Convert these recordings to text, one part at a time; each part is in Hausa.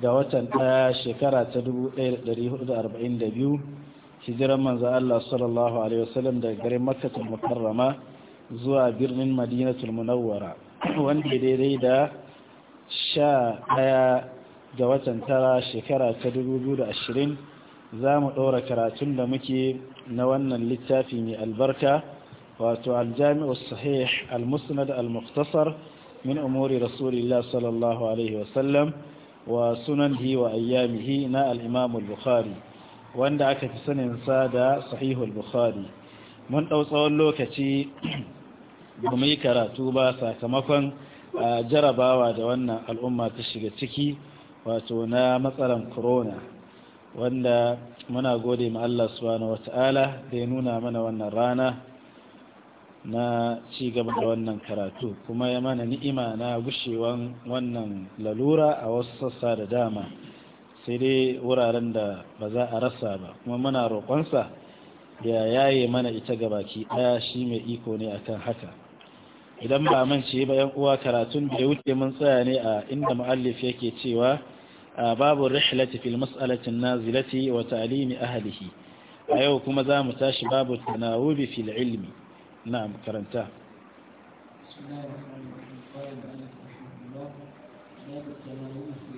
ga watan ɗaya shekara ta 1442 hijiran manzo Allah sallallahu alaihi wasallam daga garin Makkatul Mukarrama zuwa birnin Madinatul Munawwara wanda daidai da sha ɗaya ga watan tara shekara ta 2020 za mu ɗora karatun da muke na wannan littafi mai albarka wato aljami'u sahih al-musnad al-mukhtasar min umuri rasulillah sallallahu alaihi wasallam wa sunanhi wa ayyamihi na al-imam bukhari wanda aka fi sanin sa da sahihul al-bukhari mun ɗau tsawon lokaci bamu karatu ba sakamakon jarabawa da wannan al'umma ta shiga ciki wato na matsalan corona wanda muna gode ma Allah subhanahu wata'ala da ya nuna mana wannan rana na ci gaba da wannan karatu kuma ya mana ni'ima na gushewan wannan lalura a wasu sassa da dama sai dai wuraren da ba za a rasa ba kuma muna roƙonsa ya yaye mana ita gabaki ɗaya shi mai iko ne akan haka idan ba ce ba yan uwa karatun da ya wuce mun tsaya ne a inda mu'allif yake cewa a babu rihlati fil mas'alati nazilati wa ta'limi ahlihi a yau kuma za mu tashi babu tanawubi fil ilmi نعم كرنتا بسم الله الرحمن الرحيم قال المؤلف رحمه الله باب التمرين في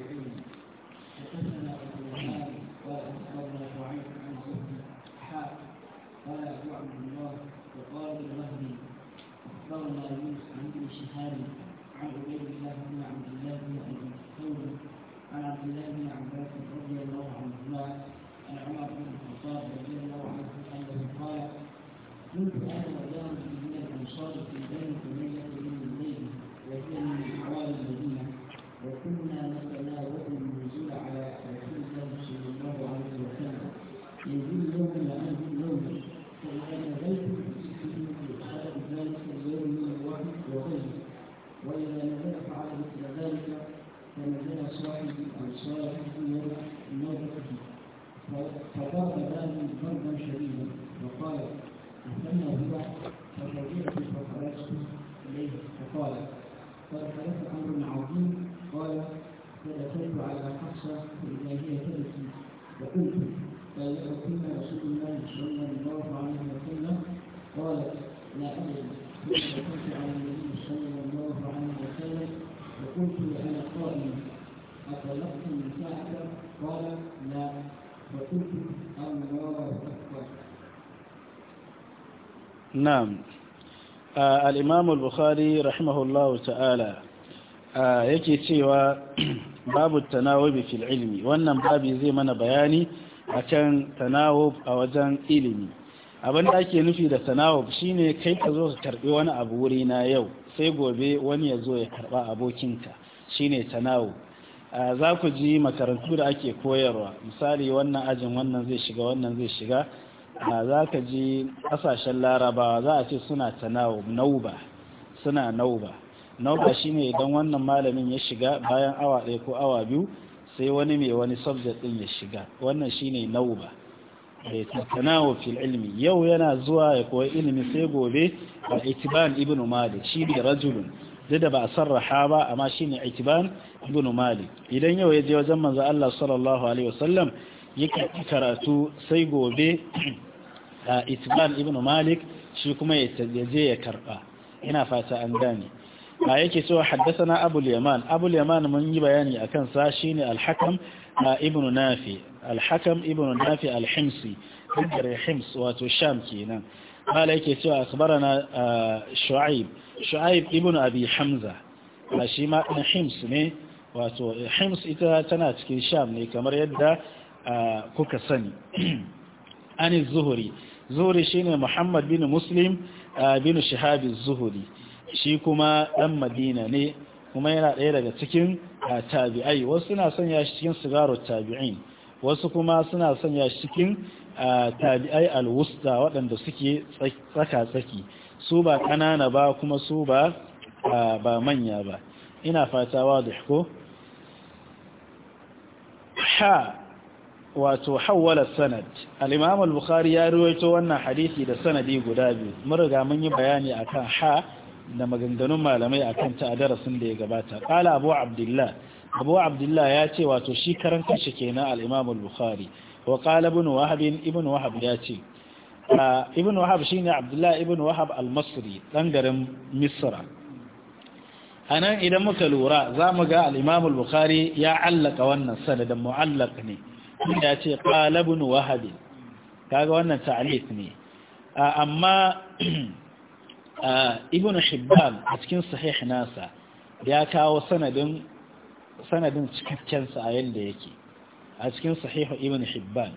وقلت قال له يؤمن رسول الله صلى الله عليه وسلم قال لا أدري فكنت على النبي صلى الله عليه وسلم وقلت أنا قائم أطلقت النساء قال لا وقلت الله أكبر نعم آه الإمام البخاري رحمه الله تعالى yake cewa babu tanawub fil ilmi wannan babi zai mana bayani a can tanawub a wajen ilimi abinda ake nufi da shi shine kai ka zo ka karbi wani abu wuri na yau sai gobe wani ya zo ya karba abokinka shine tanawub za ku ji makarantu da ake koyarwa misali wannan ajin wannan zai shiga wannan zai shiga za ka ji kasashen larabawa za a ce suna tanawub nauba suna nauba nauba shine idan wannan malamin ya shiga bayan awa ɗaya ko awa biyu sai wani mai wani subject ɗin ya shiga wannan shine nauba da eh, tattanawo fil ilmi yau yana zuwa ya koya ilimi sai gobe a itiban ibn malik shi ne rajulun duk da ba a sarraha ba amma shine ne itiban ibn malik idan yau ya je wajen manzo Allah sallallahu alaihi wasallam yake karatu sai gobe a itiban ibn malik shi kuma ya je ya karba ina fata an gane a yake cewa haddasana abul yaman abul yaman mun yi bayani akan sa shine al-hakam ibn nafi al-hakam ibn nafi al-himsi dukkan hims wato sham kenan قال يكي سوى أخبرنا شعيب شعيب ابن أبي حمزة shi ma ɗan hims ne wato hims ita tana cikin sham ne kamar yadda kuka sani ani zuhuri zuhuri shine muhammad bin muslim bin shahabi zuhuri shi kuma ɗan madina ne kuma yana ɗaya daga cikin tabi'ai wasu suna sanya shi cikin sigarar tabi'in wasu kuma suna sanya shi cikin tabi'ai alwusta waɗanda suke tsaka-tsaki su ba ƙanana ba kuma su ba manya ba ina fatawa da ko ha wato hawala sanad al-imam bukhari ya ruwaito wannan hadisi da sanadi guda biyu mun riga mun yi bayani akan ha da maganganun malamai a kanta a darasin da ya gabata ƙala abu abdullah abu abdullah ya ce wato shi karan kanshi kenan al-imam bukhari wa qala ibn wahab ibn wahab ya ce ibn wahab ne abdullah ibn wahab al-masri ɗan garin misra nan idan muka lura za mu ga al bukhari ya allaka wannan sanadin mu'allak ne ya ce qala ibn wahab kaga wannan ta'liq ne amma ibn hibban a cikin sahih nasa ya kawo sanadin sanadin cikakken sa yanda yake a cikin sahih ibn hibban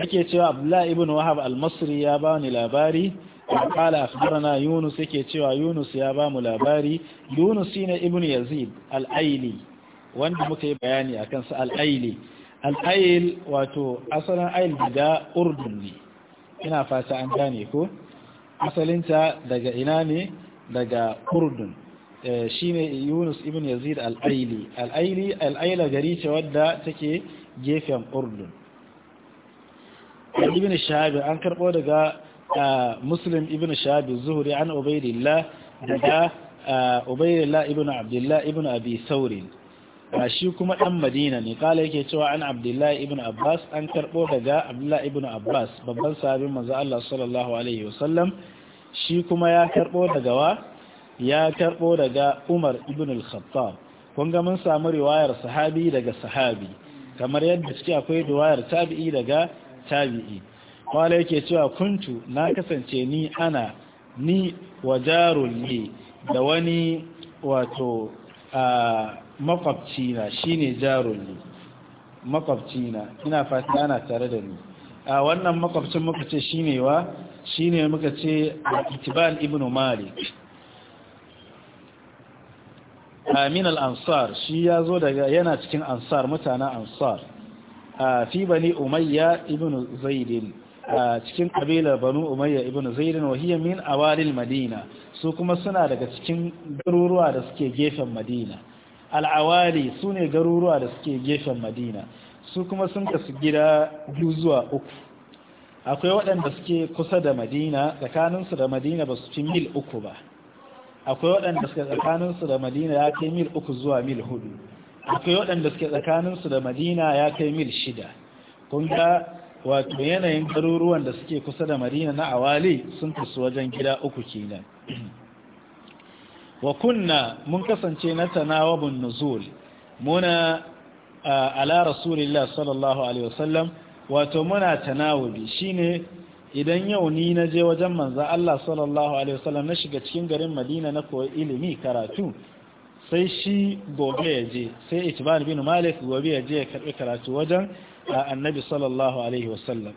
yake cewa abdullah ibn wahab al-masri ya bani labari قال أخبرنا يونس يكيتوا يونس labari Yunus لاباري يونس ابن يزيد الأيلي wanda muka yi bayani a kansa al'aili al'ail wato asalin ail gida urdun ne ina fata an gane ko asalinta daga ina ne daga urdun eh, shi ne yunus ibn yazid al'aili al'aili al'aila gari ce wadda take gefen urdun ibn shabi an karbo daga muslim ibn shabi zuhuri an ubaidillah daga ubaidillah ibn abdullahi ibn abi saurin shi kuma ɗan madina ne kala yake cewa an abdullahi ibn abbas an karɓo daga abdullahi ibn abbas babban sahabin manzo Allah sallallahu alaihi wasallam shi kuma ya karɓo daga wa ya karɓo daga umar ibn al-khattab kun ga mun samu riwayar sahabi daga sahabi kamar yadda suke akwai riwayar tabi'i daga tabi'i kala yake cewa kuntu na kasance ni ana ni wajarul li da wani wato makwabcina shi ne jaroni makwabcina ina fata ana tare da ni a wannan makwabcin muka ce shi ne wa shi ne muka ce itibar ibn malik amin ansar shi zo daga yana cikin ansar mutanen ansar a fi bani umayya ibn a cikin kabilar banu umayya ibn zaidin wahiyar min awalil madina su kuma suna daga cikin garuruwa da suke gefen madina al'awali su ne garuruwa da suke gefen madina su kuma sun kasu gida biyu zuwa uku akwai waɗanda suke kusa da madina tsakaninsu da madina ba su fi mil uku ba akwai waɗanda suke tsakaninsu da madina ya kai mil uku zuwa mil hudu akwai waɗanda suke tsakaninsu da madina ya kai mil shida kun ga wato yanayin garuruwan da suke kusa da madina na awali sun kusa wajen gida uku kenan wa kunna mun kasance na tanawabun nuzul muna ala rasulillah sallallahu alaihi wasallam wato muna tanawubi shine idan yau ni na je wajen manzo Allah sallallahu alaihi wasallam na shiga cikin garin Madina na koyi ilimi karatu sai shi gobe ya je sai Itban bin Malik gobe ya je ya karbi karatu wajen annabi sallallahu alaihi wasallam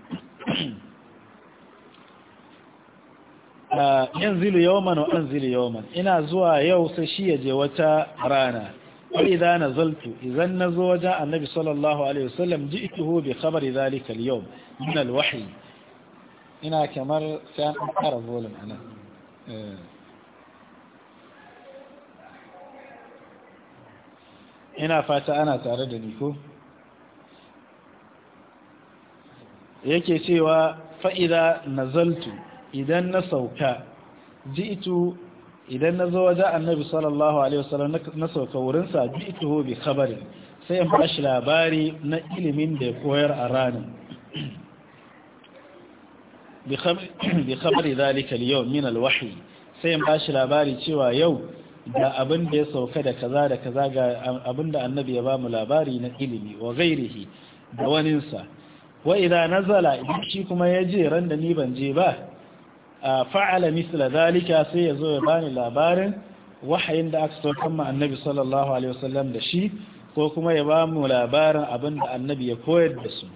yan zilu yawman wa an zilu yawman ina zuwa yau sai shi ya je wata rana وإذا نزلت إذا نزوج النبي صلى الله عليه وسلم جئته بخبر ذلك اليوم من الوحي هنا كمر كان أعرف ظلم أنا هنا فاتا أنا تعرضني كو yake cewa fa'ida nazaltu idan na sauka ji'itu idan na zo wajen annabi sallallahu alaihi wasallam na sauka wurinsa ji'ituhu bi khabari sai in bashi labari na ilimin da ya koyar a ranar bi khabari zalika yau min alwahi sai in bashi labari cewa yau da abin da ya sauka da kaza da kaza ga abin da annabi ya ba mu labari na ilimi wa gairihi da waninsa wa idza nazala idan shi kuma ya je ran da ni ban je ba fa'ala misla zalika sai ya zo ya bani labarin wahayin da aka saukar ma annabi sallallahu alaihi wasallam da shi ko kuma ya ba mu labarin abin da annabi ya koyar da su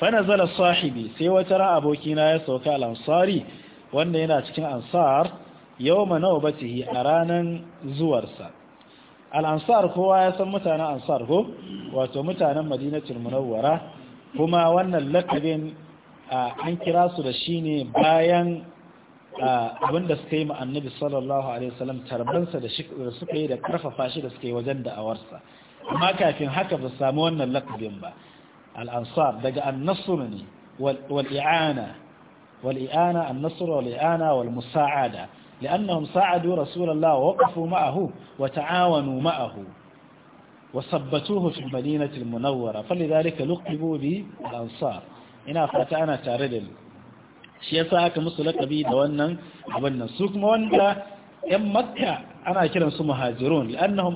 fa nazala sahibi sai wata ran abokina ya sauka al-ansari wanda yana cikin ansar yawma nawbatihi a ranan zuwarsa al-ansar kowa ya san mutanen ansar ko wato mutanen madinatul munawwara kuma wannan lakabin an kira su da shi ne bayan abinda suka yi ma annabi sallallahu alaihi wasallam tarbansa da suka yi da karfafa shi da suka yi wajen da'awarsa amma kafin haka ba samu wannan lakabin ba al'ansar ansar daga an-nasr ne wal i'ana wal i'ana wal musa'ada لأنهم ساعدوا رسول الله ووقفوا معه وتعاونوا معه وثبتوه في المدينة المنورة فلذلك لقبوا بالأنصار ina fata ana tare da ni shi yasa aka musu lakabi da wannan abin su kuma wanda yan makka ana kiran su muhajirun li'annahum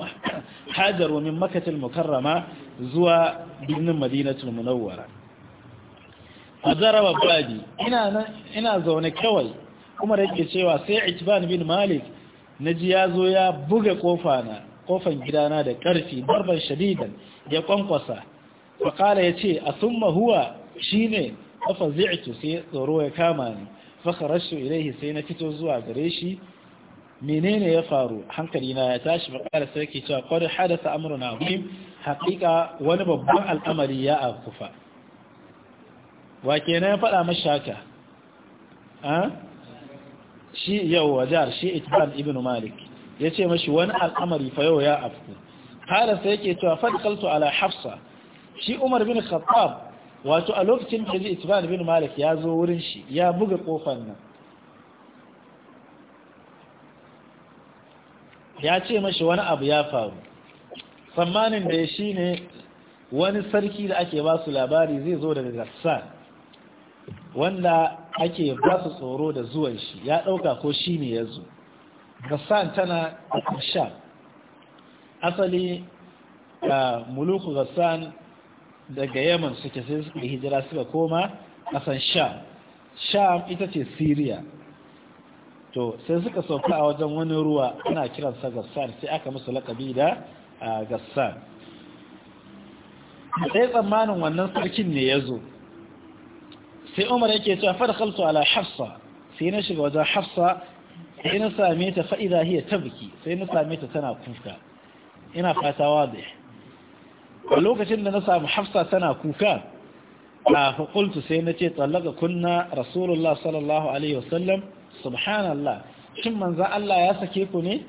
hajaru min makkatil mukarrama zuwa birnin madinatul munawwara azara badi ina ina zaune kawai kuma da yake cewa sai itban bin malik naji yazo ya buga kofa na kofan gidana da ƙarfi barban shadidan ya kwankwasa faƙala ya ce a sun mahuwa shi ne ƙafa zaiatu sai tsoro ya kama ni fakararsu ilaihi sai na fito zuwa gare shi menene ya faru hankali ya tashi faƙala sai ke cewa kwadar hadasa amurna muhim haƙiƙa wani babban al'amari ya akufa wa kenan ya faɗa mashaka shi yau wajar shi itban ibn malik ya ce mashi wani al'amari fa yau ya afku kala sai yake cewa fadkaltu ala hafsa shi umar bin khattab wato a lokacin da ji itban bin malik ya zo wurin shi ya buga kofar nan ya ce mashi wani abu ya faru tsammanin da shi ne wani sarki da ake ba su labari zai zo daga gassa wanda ake ba su tsoro da zuwan shi ya ɗauka ko shi ne ya zo gassan tana a sha asali a muluku gassan daga yaman suke sai suka hijira suka koma ƙasan sha sha ita ce siriya to sai suka sauka a wajen wani ruwa ana kiransa gassan sai aka musu lakabi da gassan sai tsammanin wannan sarkin ne ya zo sai umar yake cewa farkaltu ala hafsa sai na shiga wajen hafsa sai na same ta fa'iza hiya tabki sai na same ta tana kuka ina fata wadih a lokacin da na samu hafsa tana kuka a fakultu sai na ce tsallaka kunna rasulullah sallallahu alaihi wasallam subhanallah shin manzan Allah ya sake ku ne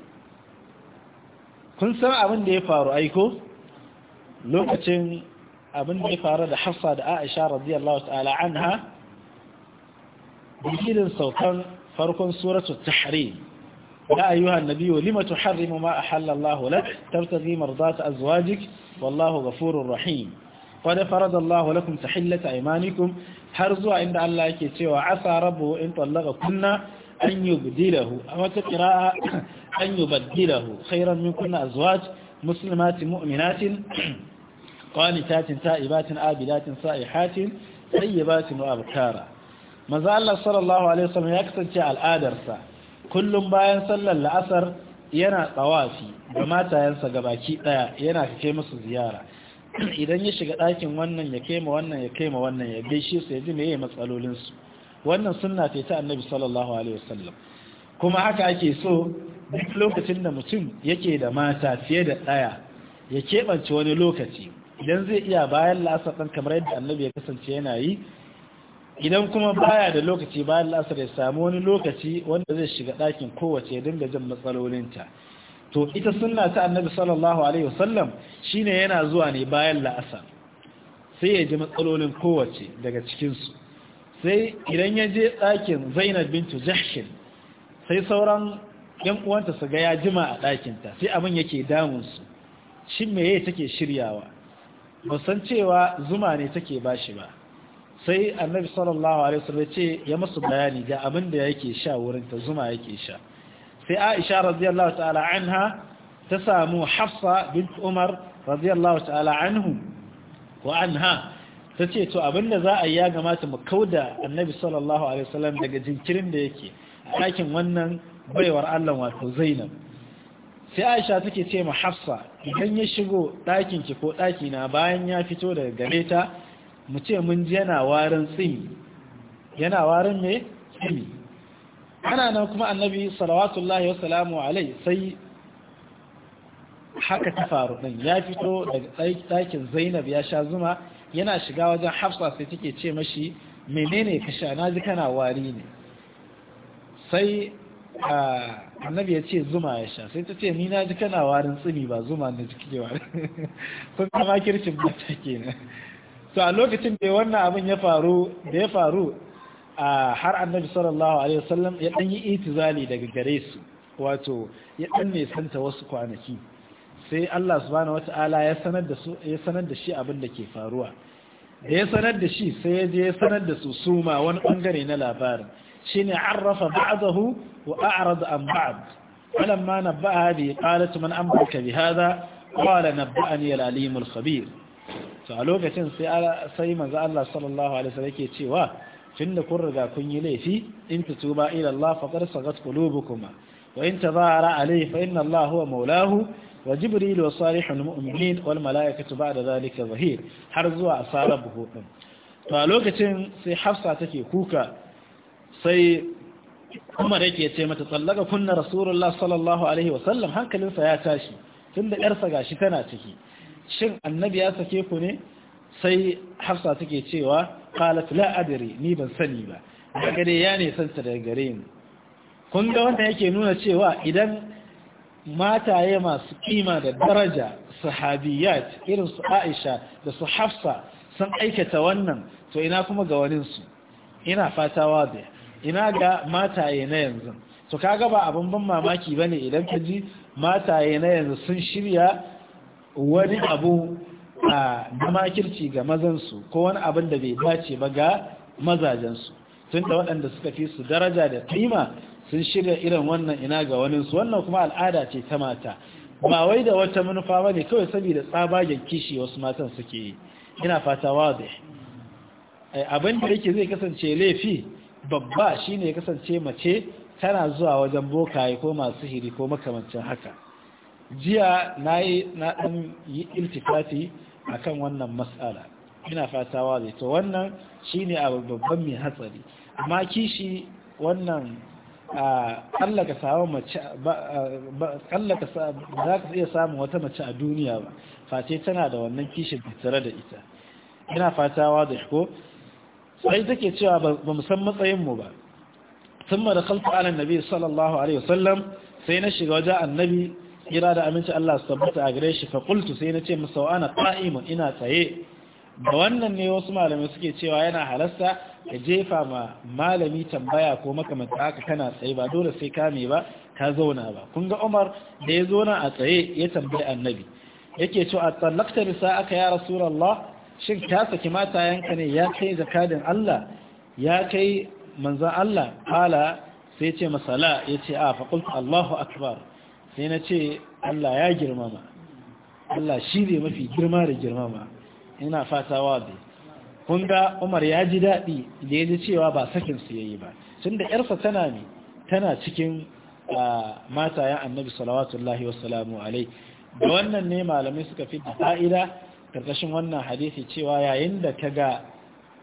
kun san abin da ya faru aiko lokacin abin da ya faru da hafsa da aisha radiyallahu ta'ala anha dalilin saukan farkon suratul tahrim ya ayyuha annabiyyu lima tuharrimu ma ahalla Allah lak tabtaghi mardata azwajik wallahu ghafurur rahim qad farada Allah lakum tahillata aymanikum har zuwa inda Allah yake cewa asa rabbu in tallaqa kunna an yubdilahu aw ta qira'a an yubdilahu khayran min kunna azwaj muslimatin mu'minatin qanitatin ta'ibatin abidatin sa'ihatin tayyibatin wa abkara maza Allah sallallahu alaihi wasallam ya kasance al'adarsa kullum bayan sallar la'asar yana tsawafi ga matayensa baki daya yana kake musu ziyara idan ya shiga ɗakin wannan ya kema wannan ya kema wannan ya gaishe su ya ji meye matsalolin su wannan sunna ce ta annabi sallallahu alaihi wasallam kuma haka ake so duk lokacin da mutum yake da mata fiye da ɗaya ya keɓance wani lokaci idan zai iya bayan la'asar ɗan kamar yadda annabi ya kasance yana yi idan kuma baya da lokaci bayan la'asar ya samu wani lokaci wanda zai shiga ɗakin kowace dinga jin matsalolinta to ita sunna ta annabi sallallahu alaihi wasallam shine yana zuwa ne bayan la'asar sai ya ji matsalolin kowace daga cikinsu sai idan ya je ɗakin zainab bintu jahshin sai sauran yan uwanta su ga ya jima a ɗakinta sai abin yake damunsu shin meye take shiryawa ba san cewa zuma ne take bashi ba sai annabi sallallahu alaihi wasallam ce ya musu bayani ga abin da yake sha wurin ta zuma yake sha sai Aisha radiyallahu ta'ala anha ta samu Hafsa bint Umar radiyallahu ta'ala anhu wa anha tace to abin da za a yi ya gamata mu kauda annabi sallallahu alaihi wasallam daga jinkirin da yake a ɗakin wannan baiwar Allah wato Zainab sai Aisha take ce ma Hafsa idan ya shigo ɗakin ki ko ɗaki na bayan ya fito daga gare ta mu ce mun ji yana warin tsimi yana warin me tsimi ana nan kuma annabi salawatullahi wa salamu alai sai haka ta faru ɗin, ya fito daga ɗakin zainab ya sha zuma yana shiga wajen hafsa sai take ce mashi menene ka sha na ji kana wari ne sai annabi ya ce zuma ya sha sai ta ce ni na ji kana warin tsimi ba zuma na ji kike warin kuma kama kirkin mata kenan to a lokacin da wannan abin ya faru da ya faru a har annabi sallallahu alaihi wasallam ya dan yi itizali daga gare su wato ya dan ne santa wasu kwanaki sai Allah subhanahu wataala ya sanar da su ya sanar da shi abin da ke faruwa da ya sanar da shi sai ya je ya sanar da su suma wani bangare na labarin shine arrafa ba'dahu wa a'rada an ba'd falamma nabba'a bi qalat man anbaka bi hadha qala nabba'ani al-alim al-khabir To a lokacin sai sai manzo Allah sallallahu alaihi wasallam yake cewa tunda kun riga kun yi laifi in tutuba ila Allah faqad sagat qulubukuma wa in tadhara alayhi fa inna Allah huwa Mawlahu wa jibril wa salihul mu'minin wal malaikatu ba'da zalika zahir har zuwa asara buhudin to a lokacin sai Hafsa take kuka sai Umar yake ce mata tsallaka kunna Rasulullah sallallahu alaihi wasallam hankalinsa ya tashi tunda yarsa gashi tana ciki shin annabi ya sake ku ne sai hafsa take cewa qalat la adri ni ban sani ba daga dai ya ne santa daga gare ni kun ga wanda yake nuna cewa idan mataye masu kima da daraja sahabiyat irin su Aisha da su Hafsa sun aikata wannan to ina kuma ga wani su ina fata da ina ga mataye na yanzu to kaga ba abin ban mamaki bane idan ka ji mataye na yanzu sun shirya wani abu a damakirci ga mazansu ko wani abin da bai dace ba ga mazajensu tun da waɗanda suka fi su daraja da kima sun shirya irin wannan ina ga waninsu wannan kuma al'ada ce ta mata ba wai da wata manufa ba ne kawai saboda tsabagen kishi wasu matan suke yi ina fata wazi eh, abin da yake zai kasance laifi babba shine ya kasance mace tana zuwa wajen bokaye ko masu hiri ko makamancin haka jiya na yi na ɗan yi iltifati a kan wannan matsala ina fata wa zai to wannan shi ne a babban mai hatsari amma kishi wannan ba za ka iya samun wata mace a duniya ba face tana da wannan kishin tattare da ita ina fatawa da ko sai take cewa ba mu san matsayinmu ba sun da kalfa alan nabi sallallahu alaihi wasallam sai na shiga wajen annabi tsira da aminci Allah su tabbata a gare shi fakultu sai na ce masa ana ƙa'imun ina tsaye da wannan ne wasu malamai suke cewa yana halasta ka jefa ma malami tambaya ko makamata haka kana tsaye ba dole sai kame ba ka zauna ba kun ga umar da ya zauna a tsaye ya tambayi annabi yake cewa a tsallakta risa aka ya rasulallah shin ka saki yanka ne ya kai zakadin Allah ya kai manzan Allah ala sai ce masala ya ce a fakultu Allahu akbar sai na ce Allah ya girmama Allah shi ne mafi girma da girmama ina fata wa bai kun Umar ya ji daɗi da ya ji cewa ba sakin su yayi ba tun da yarsa tana ne tana cikin ya annabi salawatullahi wasalamu alai da wannan ne malamai suka fi da fa'ida karkashin wannan hadisi cewa yayin da ta ga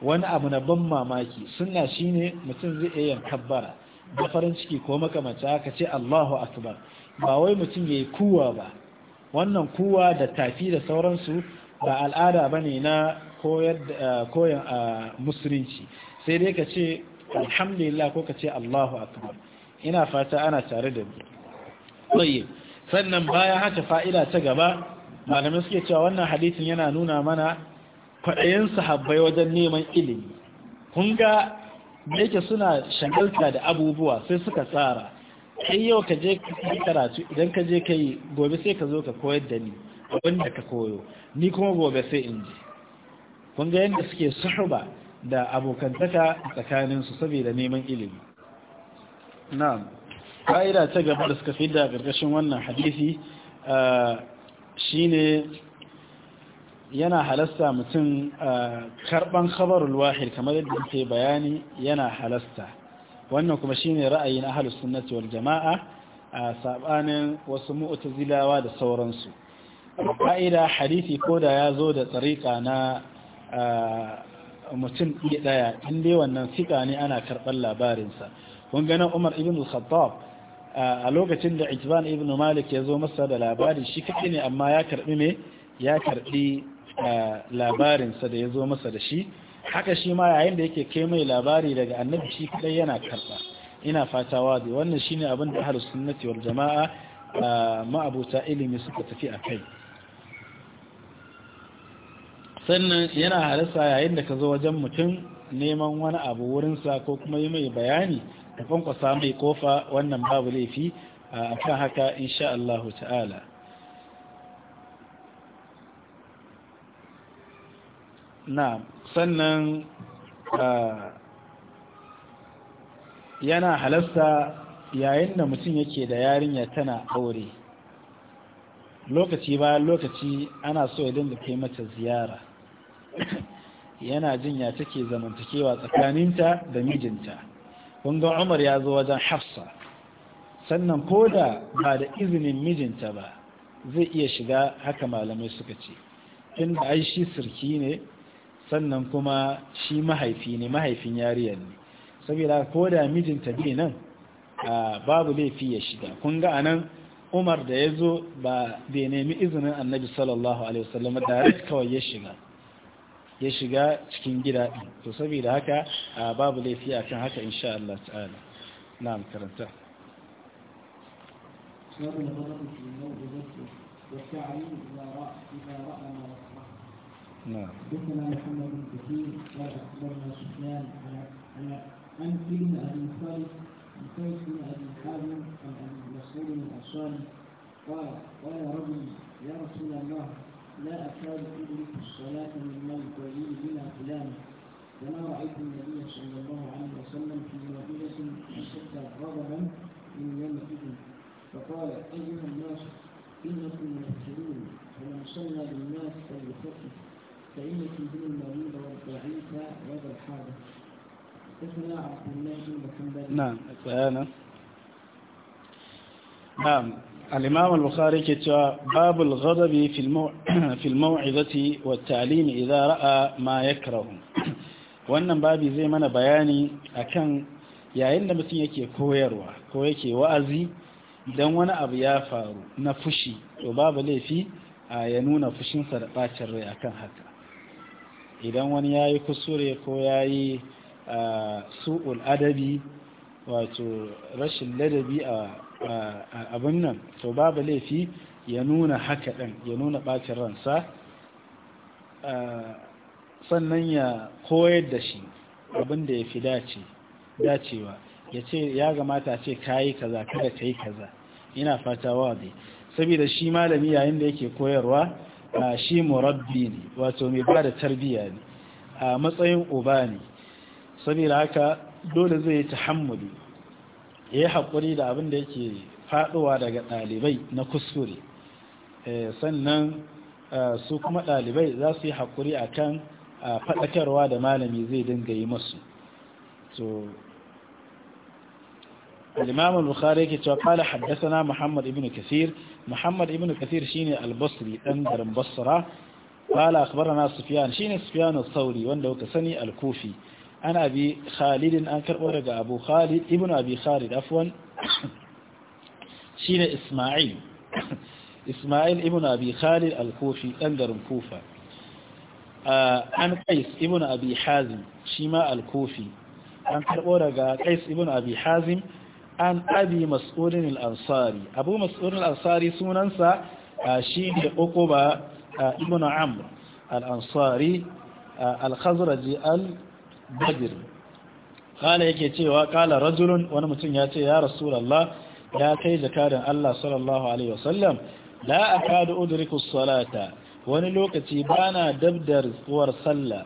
wani abu na ban mamaki shi ne mutum zai iya yin kabbara da farin ciki ko makamata ka ce Allahu akbar ba wai mutum ya yi kuwa ba wannan kuwa da tafi da sauransu ba al'ada ba ne na koyan a musulunci sai dai ka ce alhamdulillah ko ka ce allahu akbar ina fata ana tare da mu sannan baya haka fa'ida ta gaba malamai suke cewa wannan hadithin yana nuna mana kwaɗayin sahabbai wajen neman ilimi kunga ga da yake suna shagalta da abubuwa sai suka tsara kai yau ka je ka karatu idan ka je ka yi gobe sai ka zo ka koyar da ni abinda ka koyo ni kuma gobe sai in ji yadda suke suhuba da abokantaka tsakaninsu saboda neman ilimi na'am ƙa'ida ta gaba da suka fi da ƙarƙashin wannan hadisi shine yana halasta mutum karɓan khabarul wahid kamar yadda ke bayani yana halasta wannan kuma shi shine ra'ayin ahalus sunnati jama'a a saɓanin wasu zilawa da sauransu ƙa'ida hadisi ko da ya zo da tsarika na mutum ɗi ɗaya in wannan sika ne ana karɓar labarinsa kun ganin umar ibn khattab a lokacin da ijban ibn malik ya zo masa da labari shi kaɗai ne amma ya karɓi ne ya karɓi labarinsa da ya zo masa da shi haka shi ma yayin da yake kai mai labari daga annabi shi kadai yana karba ina fata wazi wannan shine abin da ahlus sunnati wal jamaa ma'abuta ilimi suka tafi a kai. sannan yana halarsa yayin da ka zo wajen mutum neman wani abu wurin sa ko kuma yi mai bayani da kwankwasa mai kofa wannan babu laifi a kan haka insha Allah ta'ala na sannan ah, yana halasta yayin da mutum yake da yarinya tana aure lokaci bayan lokaci ana so ya dinga kai mata ziyara yana jin ya take zamantakewa tsakaninta da mijinta kunga umar ya zo wajen hafsa sannan ko da ba da izinin mijinta ba zai iya shiga haka malamai suka ce inda aishi shi sirki ne sannan kuma shi mahaifi ne mahaifin yariyar ne saboda ko da mijinta bi nan babu laifi ya shiga kun ga anan umar da ya zo ba bai nemi izinin annabi sallallahu alaihi wasallam da kawai ya shiga ya shiga cikin gida ɗin to saboda haka babu laifi a kan haka insha Allah ta'ala na karanta نعم حدثنا محمد بن كثير قال اخبرنا سفيان على عن ابن ابي خالد عن قيس بن ابي خالد عن ابي مسعود الانصاري قال قال رجل يا رسول الله لا اكاد ادرك الصلاه من مال قليل بنا فلان فما رايت النبي صلى الله عليه وسلم في مدينه اشد غضبا من يوم فقال ايها الناس انكم مبتلون فمن صلى بالناس فليخفف فإن يكيدون المريض والضعيف وذا الحاجة حدثنا عبد الله بن محمد نعم بيانا نعم الإمام البخاري كتب باب الغضب في المو... في الموعظة والتعليم إذا رأى ما يكره wannan babi zai mana bayani akan yayin da mutum yake koyarwa ko yake wa'azi idan wani abu ya faru na fushi to babu laifi a ya nuna fushinsa da ɓacin rai akan haka idan wani ya yi kusure ko ya yi su'ul adabi wato rashin ladabi a abin nan to babu laifi ya nuna haka ɗin ya nuna ɓacin ransa sannan ya koyar da shi abin da ya fi dacewa ya ce ya gamata ce kayi kaza kada ka yi kaza ina fata wa saboda shi malami yayin da yake koyarwa shi murabbi ne wato mai ba da tarbiyya ne a matsayin uba ne saboda haka dole zai yi tahammuli ya yi haƙuri da abin da yake faɗuwa daga ɗalibai na kuskure e, sannan su kuma ɗalibai za su yi haƙuri a kan faɗakarwa da malami zai dinga yi masu الإمام البخاري كتب قال حدثنا محمد ابن كثير محمد ابن كثير شيني البصري أندر مبصرة قال أخبرنا سفيان شيني سفيان الثوري وانده كسني الكوفي أنا أبي خالد أنكر ورق أبو خالد ابن أبي خالد عفوا شيني إسماعيل إسماعيل ابن أبي خالد الكوفي أندر كوفة عن قيس ابن أبي حازم شيماء الكوفي أنكر ورق قيس ابن أبي حازم an abi mas'udin al'ansari ansari abu mas'udin al'ansari sunansa shi ne uquba ibn amr al'ansari ansari al-khazraji al kala yake cewa kala rajulun wani mutum ya ce ya rasulullah ya kai jakadan Allah sallallahu alaihi wasallam la akadu udriku salata wani lokaci bana dabdar tsuwar sallah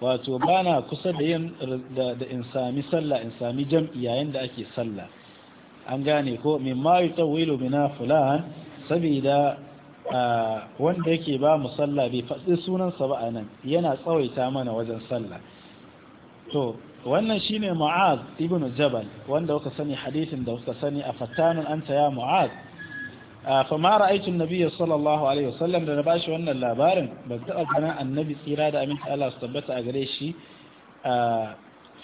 wato bana kusa da yin da in sami sallah in sami jam'i yayin da ake sallah an gane ko mimma yutawilu mina fulan saboda wanda yake ba mu sallah bai faɗi sunansa ba a nan yana tsawaita mana wajen sallah to wannan shine mu'az ibn jabal wanda kuka sani hadisin da kuka sani a fattanun anta ya mu'az fa ma ra'aytu an-nabiyya sallallahu alaihi wasallam da na bashi wannan labarin ba taɓa ganin annabi tsira da aminta Allah su tabbata a gare shi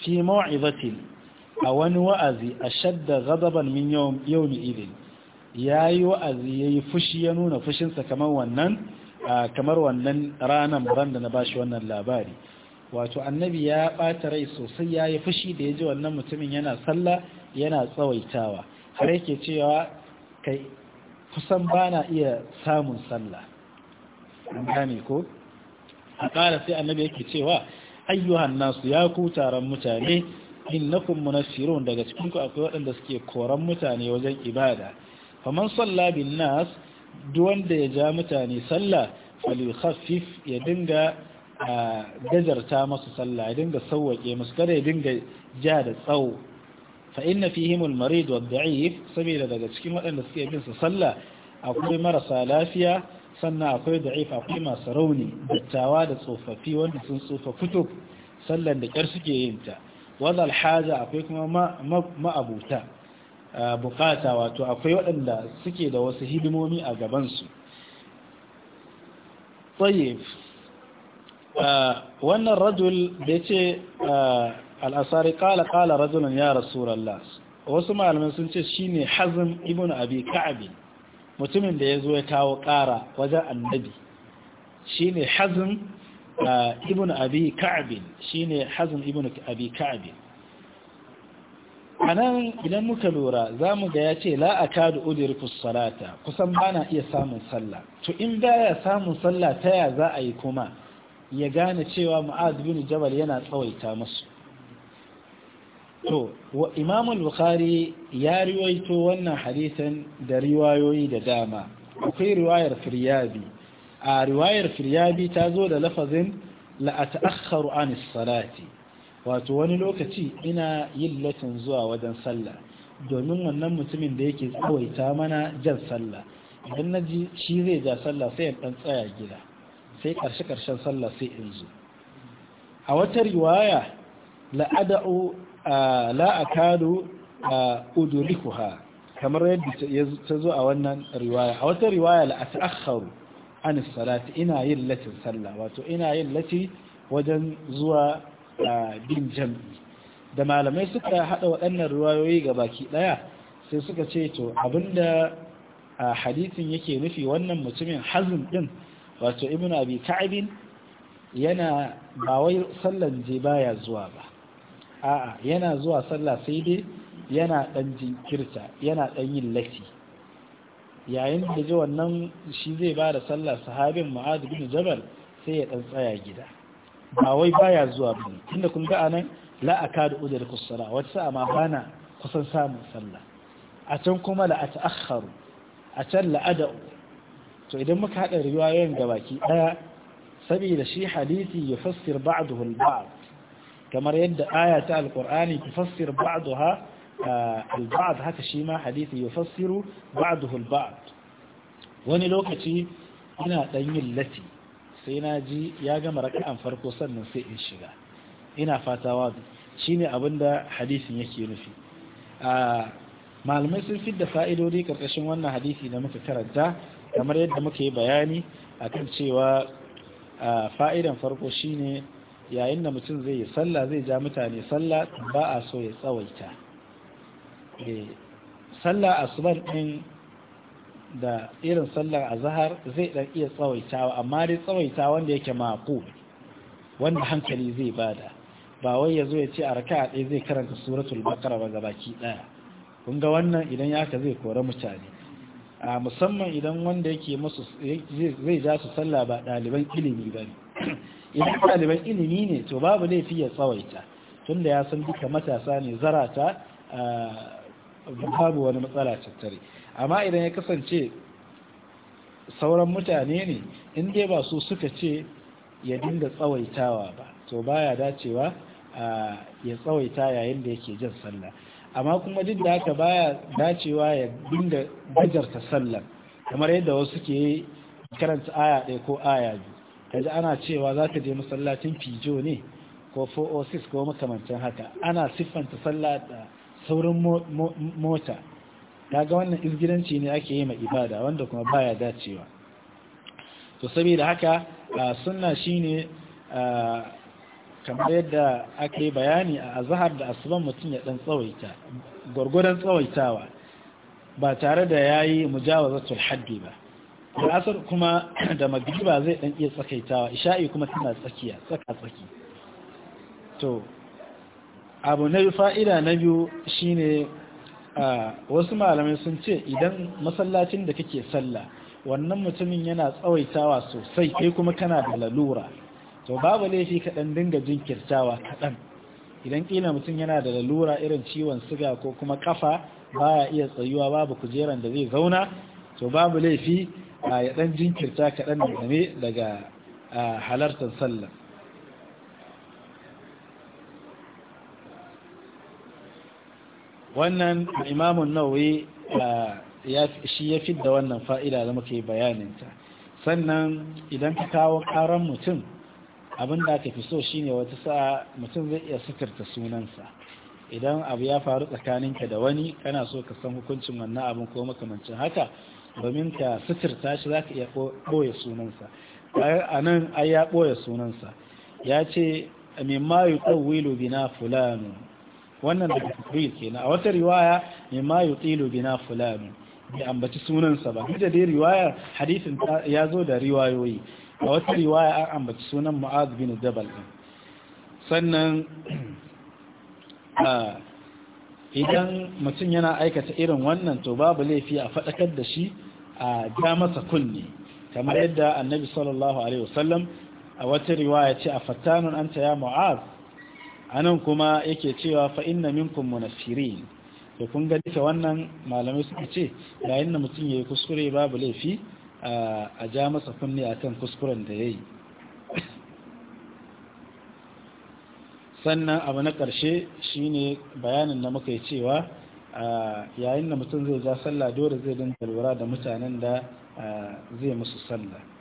fi maw'izatin a wani wa'azi a shadda zazaban min yau ni idin ya yi wa'azi ya yi fushi ya nuna fushinsa kamar wannan kamar wannan ranar ran da na bashi wannan labari wato annabi ya ɓata rai sosai ya yi fushi da ya ji wannan mutumin yana sallah yana tsawaitawa har yake cewa kai kusan ba na iya samun sallah an gane ko a ƙara sai annabi yake cewa ayyuhan nasu ya ku taron mutane innakum munassirun daga cikin ku akwai waɗanda suke koran mutane wajen ibada faman salla bin nas duk wanda ya ja mutane sallah khaffif ya dinga gajarta masu sallah ya dinga sauwake musu kada ya dinga ja da tsawo fa inna fihim al-marid wa da'if saboda daga cikin waɗanda suke bin su sallah akwai marasa lafiya sannan akwai da'if akwai masu rauni dattawa da tsofaffi wanda sun tsofa fito sallan da kyar suke yin ta wanda alhaja akwai kuma ma'abuta bukata wato akwai waɗanda suke da wasu hidimomi a gabansu tsayif wannan radul da ya ce al'asari kala kala radulun ya rasulallah wasu malamin sun ce shi ne hazin ibn abi ka'abi mutumin da ya zo ya kawo ƙara wajen annabi shi ne hazin ibn abi ka'abin shine ne hazin ibn abi ka'abin a nan idan muka lura za mu ga ya ce la'aka da salata kusan bana iya samun sallah to in baya samun sallah taya za a yi kuma ya gane cewa ma'ad bin jabal yana tsawaita masu to wa imamul bukhari ya riwaito wannan hadisan da riwayoyi da dama akwai riwayar firyabi a riwayar firyabi ta zo da lafazin la'ata'akharu an salati wato wani lokaci ina yin latin zuwa wajen sallah domin wannan mutumin da yake tsawaita mana jan sallah idan na ji shi zai ja sallah sai in dan tsaya gida sai karshe karshen sallah sai in zo a wata riwaya la'ada'u la'akadu udurikuha kamar yadda ta zo a wannan riwaya a wata riwaya la'ata'akharu an salati ina yin latin sallah wato ina yin lati wajen zuwa bin jam'i da malamai suka haɗa waɗannan ruwayoyi ga baki ɗaya sai suka ce to abinda a hadithin yake nufi wannan mutumin hazin ɗin wato ibn abi ta'abin yana ba wai sallan je baya zuwa ba a'a yana zuwa sallah sai dai yana ɗan jinkirta yana ɗan yin lati yayin da ji wannan shi zai ba da sallah sahabin ma'ad bin jabal sai ya dan tsaya gida ba wai baya zuwa ba tunda kun ga anan la akadu udur kusara wata sa'a ma bana kusan samun sallah a can kuma la ata'akharu a can la ada'u to idan muka hada riwayoyin gabaki daya saboda shi hadisi ya fassir ba'dahu al-ba'd kamar yadda aya ta alqur'ani tufassir ba'daha البعض haka shi ma hadisi fassiru ba'dahu al-ba'd wani lokaci ina dan yin lati sai na ji ya gama raka'an farko sannan sai in shiga ina fata wadu shine abinda hadisin yake nufi malamai sun fidda fa'idodi karkashin wannan hadisi da muka karanta kamar yadda muka yi bayani akan cewa fa'idan farko shine yayin da mutum zai yi sallah zai ja mutane sallah ba a so ya tsawaita Eh, sallah asubar din da irin sallar azahar zai dan iya tsawaitawa amma dai tsawaita wanda yake mako wanda hankali zai bada ba wai yazo ya ce a raka a ɗaya zai karanta suratul baqara ba gabaki daya kun ga wannan idan yaka zai kore mutane a musamman idan wanda yake musu zai ja su sallah ba ɗaliban ilimi ba ne idan ɗaliban ilimi ne to babu laifi ya tsawaita tunda ya san duka matasa ne zarata babu wani matsala tattare amma idan ya kasance sauran mutane ne in dai ba su suka ce ya dinga tsawaitawa ba to baya dacewa ya tsawaita yayin da yake jin sallah amma kuma duk da haka baya dacewa ya dinga gajarta sallah kamar yadda wasu ke karanta aya ɗaya ko aya biyu kaji ana cewa za ka je masallacin fijo ne ko 406 ko makamancin haka ana siffanta sallah da saurin mota ga wannan isgidanci ne ake yi mai ibada wanda kuma baya dacewa to saboda haka sunna shine kamar yadda aka yi bayani a azhar da asuban mutum ya dan tsawaita gwargwadon tsawaitawa ba tare da yayi mujawazatul haddi ba da asar kuma da magriba zai dan iya tsakaitawa isha'i kuma tana tsakiya tsaka tsaki to abu na fa'ida na biyu shi shine wasu malamai sun ce idan masallacin da kake sallah wannan mutumin yana tsawaitawa sosai kai kuma kana da lalura to babu laifi kaɗan dinga jinkirtawa kaɗan idan ƙila mutum yana da lalura irin ciwon siga ko kuma kafa ya iya tsayuwa babu kujeran da zai zauna to babu laifi a ya ɗan jinkirta kaɗan game daga halartar sallah wannan imamun nawawi eh, shi ya fidda wannan fa'ida da muke bayaninta sannan idan ka kawo karan mutum abin da aka fi so shi ne wata sa'a mutum zai iya suturta sunansa idan abu ya faru tsakaninka da wani kana so ka san hukuncin wannan abin ko makamancin haka domin ka suturta shi za ka iya ɓoye sunansa a nan ai ya ɓoye sunansa ya ce mimma yi ɗauwilu bina fulani wannan daga tafsir kenan a wata riwaya ne ma tsilo bina fulani bai ambaci sunansa ba duk da dai riwaya hadisin ya zo da riwayoyi a wata riwaya an ambaci sunan mu'az bin jabal din sannan idan mutum yana aikata irin wannan to babu laifi a faɗakar da shi a ja masa kunne kamar yadda annabi sallallahu alaihi wasallam a wata riwaya ce a fattanun anta ya mu'az anan kuma yake cewa fa inna minkum munafirin da kun ga duka wannan malamai suka ce yayin da mutum yayi kuskure babu laifi a ja masa kunni akan kuskuren da yayi sannan abu na ƙarshe shine bayanin da muka yi cewa yayin da mutum zai ja sallah dole zai dinga lura da mutanen da zai musu sallah